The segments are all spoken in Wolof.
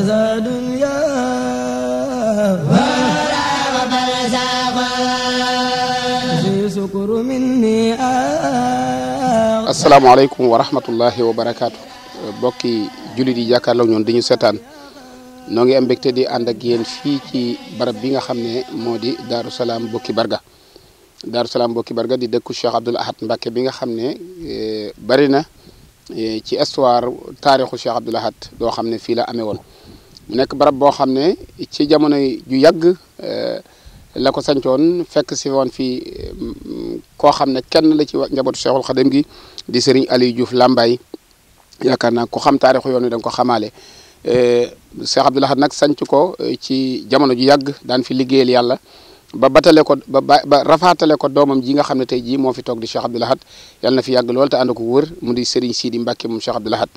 azadun ya wara wa barzakh shukru minni asalaamaaleykum wa rahmatullahi bokki jullit yi jàkkaarloo ñoon di ñu seetaan noo ngi am di ànd ak yéen fii ci barab bi nga xam ne moo di Daaru Salaam Bokki Barga Daaru Salaam Bokki Barga di dekku Cheikh Abdoul Ahad Mbacke bi nga xam ne e, bari na e, ci histoire taarixu Cheikh Abdoul Ahad doo xam ne fii la amee woon mu nekk barab boo xam ne ci jamono ju yàgg e, lako ko sancoon fekk si woon fii mm, koo xam ne kenn la ci njabootu Cheikhul dem gi di Serigne Aliou Diouf Lambaye yaakaar naa ku xam taarixu yoon wi da nga ko xamaale eh, Cheikh Abdoul Ahad nag sanc ko eh, ci jamono ju yàgg daan fi liggéeyal yàlla ba batale ko ba ba rafaatale ko doomam ji nga xam ne tey jii moo fi toog di Cheikh Abdoul Ahad na fi yàgg lool ta ànd ko wër mu di Serigne siidi Mbacke moom Cheikh Abdoul Ahad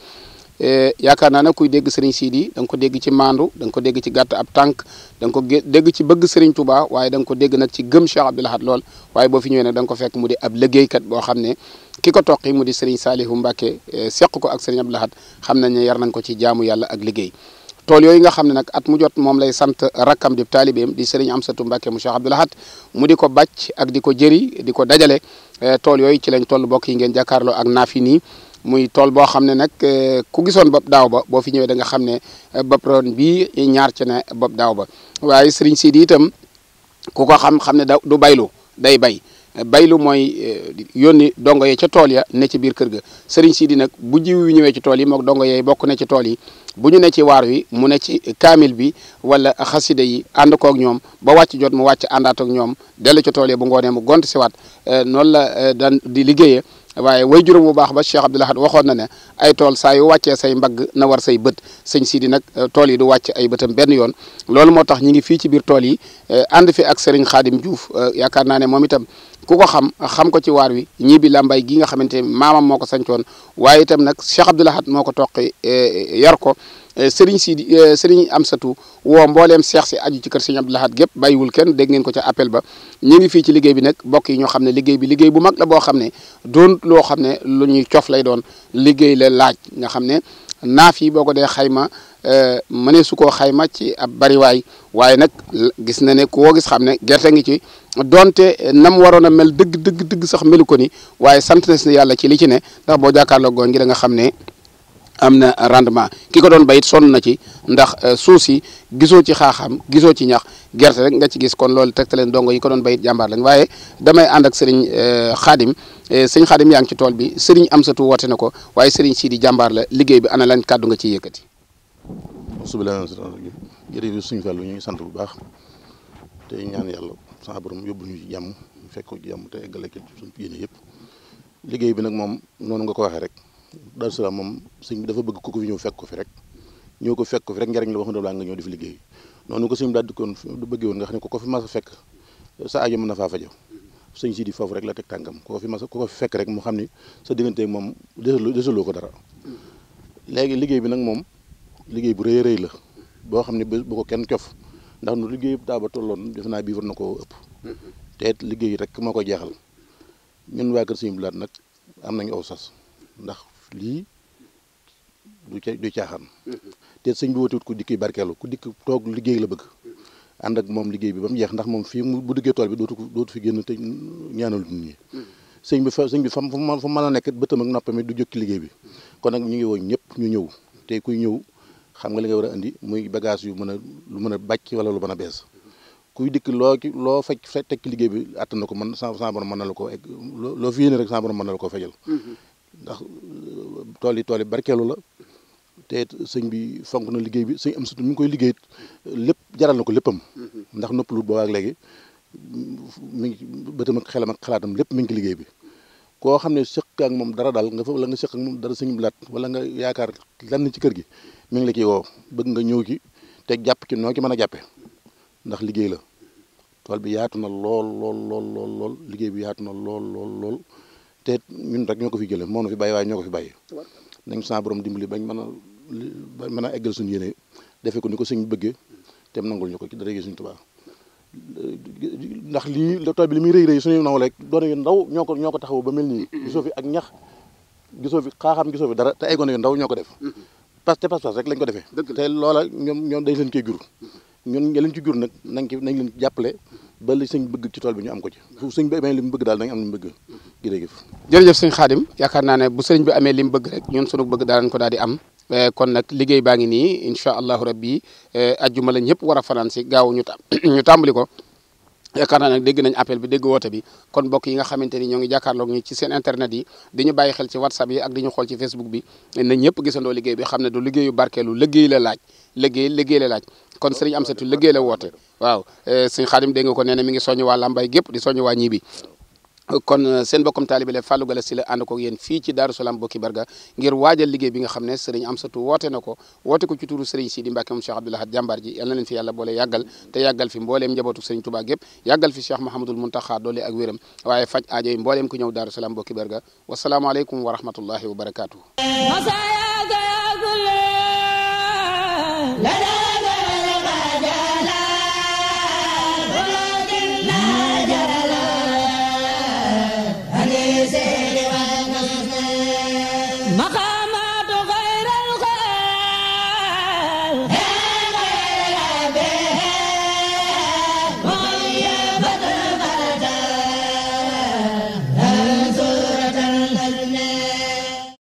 Eh, yaakaar naa ne kuy dégg sëriñ Sidi da nga ko dégg ci maandu dang nga ko dégg ci gàtt ab tànk da ko dégg ci bëgg sëriñ Touba waaye dang ko dégg nag ci gëm Cheikh Abdoul Ahad lool waaye boo fi ñëwee nag da ko fekk mu di ab liggéeykat boo xam ne ki ko toqi mu di sëriñ Saalihu Mbàkke eh, seq ko ak sëriñ Abdoul xam nañ ne yar nañ ko ci jaamu yàlla ak liggéey tool yooyu nga xam ne nag at mu jot moom lay sant rakkam di taalibeem di sëriñ Amsatu Mbàkke mu Cheikh Abdoul Ahad mu di ko bàcc ak di ko jëri di ko dajale eh, tool yooyu ci lañ toll bokk yi ngeen ak naafi nii muy tool boo xam ne nag eh, ku gisoon bopp daaw ba boo fi ñëwee danga xam ne eh, bopp ron bii ñaar ci ne bopp daaw ba waaye sëriñ Sidi itam ku ko xam xam ne da du baylu day bay baylu mooy eh, yónni dongo yee ca tool ya ne ci biir kër ga sëriñ Sidi nag bu jiw yu ñëwee ci tool yi mook dongo yee bokk na ci tool yi bu ñu ne ci waar wi mu ne ci kaamil bi wala xasida yi ànd koog ñoom ba wàcc jot mu wàcc àndaat ak ñoom dellu ca tool ya bu ngoonee mu gont siwaat noonu la daan di liggéeyee waaye way juróom bu baax ba Cheikh Abdoul Ahad waxoon na ne ay tool saa yu wàccee say mbag na war say bët sëñ Sidi nag eh, tool yi du wàcc ay bëtam benn yoon loolu moo tax ñi ngi fii ci biir tool yi eh, ànd fi ak Serigne Khadim Diouf eh, yaakaar naa ne moom itam ku ko xam xam ko ci waar wi ñii bi lambay gi nga xamante maamam moo ko sancoon waaye itam nag Cheikh Abdoul moo ko toqi yar ko Eh, Serigne Sidi eh, Serigne Amsatou woo mbooleem seex si aju ci kër Serigne Abdou Lahad gépp bàyyiwul kenn dégg ngeen ko ca appel ba ñu ngi fii ci liggéey bi nag bokk yi ñoo xam ne liggéey bi liggéey bu mag la boo xam ne doon loo xam ne lu ñuy cof lay doon liggéey la laaj nga xam ne naaf yi boo ko dee xayma eh, mënee su koo xayma ci ab bariwaay waaye nag gis na ne koo gis xam ne gerte ngi ci donte nam waroon a mel dëgg dëgg dëgg sax melu ko ni waaye sant na si yàlla ci li ci ne ndax boo jàkkaarloo gooñ gi da nga xam ne am na rendement ki ko doon bayit sonn na ci ndax euh, suuf si gisoo ci xaaxaam gisoo ci ñax gerte rek nga ci gis kon loolu tegte leen dongo yi ko doon bayit jàmbaar waaye damay ànd ak sëriñ xaadim euh, euh, sëriñ xaadim yaa ngi ci tool bi sëriñ Amsatu woote na ko waaye sëriñ Sidi jàmbaar la liggéey bi ana lan kàddu nga ciy yëkkati. subilaay jërëjëf suñu fàllu ñu ngi sant bu baax te ñaan yàlla sa borom yóbbu ñu ci jàmm fekk ko ci jàmm te eggale yëpp liggéey bi nag moom noonu nga ko waxee rek Daaru Salaam moom sëñ bi dafa bëgg ku ko fi ñëw fekk ko fi rek ñëw ko fekk ko fi rek njariñ la wax dëgg laa nga ñëw di fi liggéey noonu ko sëñ bi daal di koon du bëggee woon nga ko fi mas a fekk sa ajo mën na faa fajo sëñ si di foofu rek la teg tànkam ku ko fi mas ko fi fekk rek mu xam ni sa diggante moom desaloo ko dara léegi liggéey bi nag moom liggéey bu rëy rëy la boo xam ne bu ko kenn cof ndax nu liggéey daa ba tolloon def naa bii war na koo ëpp te liggéey rek moo ko jeexal ñun waa kër sëñ bi laat nag am nañu aw sas ndax lii du ca du caaxaan te sëñ bi wut ku dikki barkeelu ku dikk toog liggéey la bëgg ànd ak moom liggéey bi ba mu jeex ndax moom fii bu duggee tool bi dootu dootu fi génn te ñaanal nit ñi sëñ bi fa sëñ bi fam fa mën a nekk bëtam ak noppam du jóg ci liggéey bi kon nag ñu ngi woo ñëpp ñu ñëw te kuy ñëw xam nga li nga war a indi muy bagage yu mën a lu mën a bàcc wala lu man a bees kuy dikk loo loo faj fekk teg ci liggéey bi àtt na ko mën sa sa borom mën na ko egg loo fi yéene rek mën na ko fejal mm-hmm. tool yi tool yi barkeelu la te sëñ bi fonk na liggéey bi sëñ am sutu mu ngi koy liggéey lépp jaral na ko léppam mm-hmm. ndax noppaluut boobaak léegi mi ngi bëtam ak xelam ak xalaatam lépp mi ngi liggéey bi koo xam ne sëq ak moom dara daal nga fa wala nga sëq ak moom dara sëñ bi laat wala nga yaakaar lan na ci kër gi mi ngi la ciy woo bëgg nga ñëw ci te jàpp ci noo ki mën a jàppe ndax liggéey la tool bi yaatu na lool lool lool lool liggéey bi yaatu na lool lool lool te ñun rek ñoo ko fi jëlee moom na fi bàyyi waaye ñoo ko fi bàyyi nañ sa borom dimbali bañ mën a ba mën a eggal suñu yéene defee ko ni ko sëñ bëggee te mu nangul ñu ko ci dara suñu Tuubaa ndax lii tool bi li muy rëy suñu naw rek doone yu ndaw ñoo ko ñoo ko taxaw ba mel nii mm-hmm. gisoo ak ñax gisoo fi xaaxaam gisoo fi dara te ay yu ndaw ñoo ko def mm-hmm. pas te pas rek lañ ko defee te loola ñoom ñoom dañ leen koy jur mm-hmm. ñun nga leen ci jur nag nañ ci nañ leen jàppale ba li sëñ bëgg ci tool bi ñu am ko ci fu sëñ bi amee li mu bëgg daal dañ am li mu bëgg jërëjëf jërëjëf sëñ Xaadim yaakaar naa ne bu sëñ bi amee li mu bëgg rek ñun sunu bëgg daanañ ko daal di am eh, kon nag liggéey baa ngi nii incha allahu rabbi eh, ajjuma la ñëpp war a fanaan si gaaw ñu tam ñu tàmbali ko yaakaar naa nag dégg nañ appel bi dégg woote bi kon mbokk yi nga xamante ni ñoo ngi jàkkaarloog ñu ci seen internet yi di ñu bàyyi xel ci whatsapp yi ak di ñu xool ci facebook bi nañ ñëpp gisandoo liggéey bi xam ne du liggéeyu barkeelu liggéey la laaj liggéey liggéey laaj kon sëriñ Amsatu liggéey la woote waaw eh, sëñ Xaadim dégg nga ko nee na mi ngi soñu waa Lambay gépp di soñu waa ñi bi kon euh, seen bokkum taalibe la Fallou Galass Syll la ànd ko yéen fii ci Daaru Salaam Boki Barga ngir waajal liggéey bi nga xam ne sëriñ Amsatu woote na ko woote ko ci turu sëriñ Sidi Mbàkke moom Cheikh Abdoul Ahad jàmbaar ji yal na leen fi yàlla boole yàggal te yàggal fi mbooleem njabootu sëriñ Tuubaa gépp yàggal fi Cheikh Mahamadul Muntaxa doole ak wéram waaye faj aajo yi mbooleem ku ñëw Daaru Salaam Boki Barga wasalaamualeykum wa rahmatullahi wa barakaatu.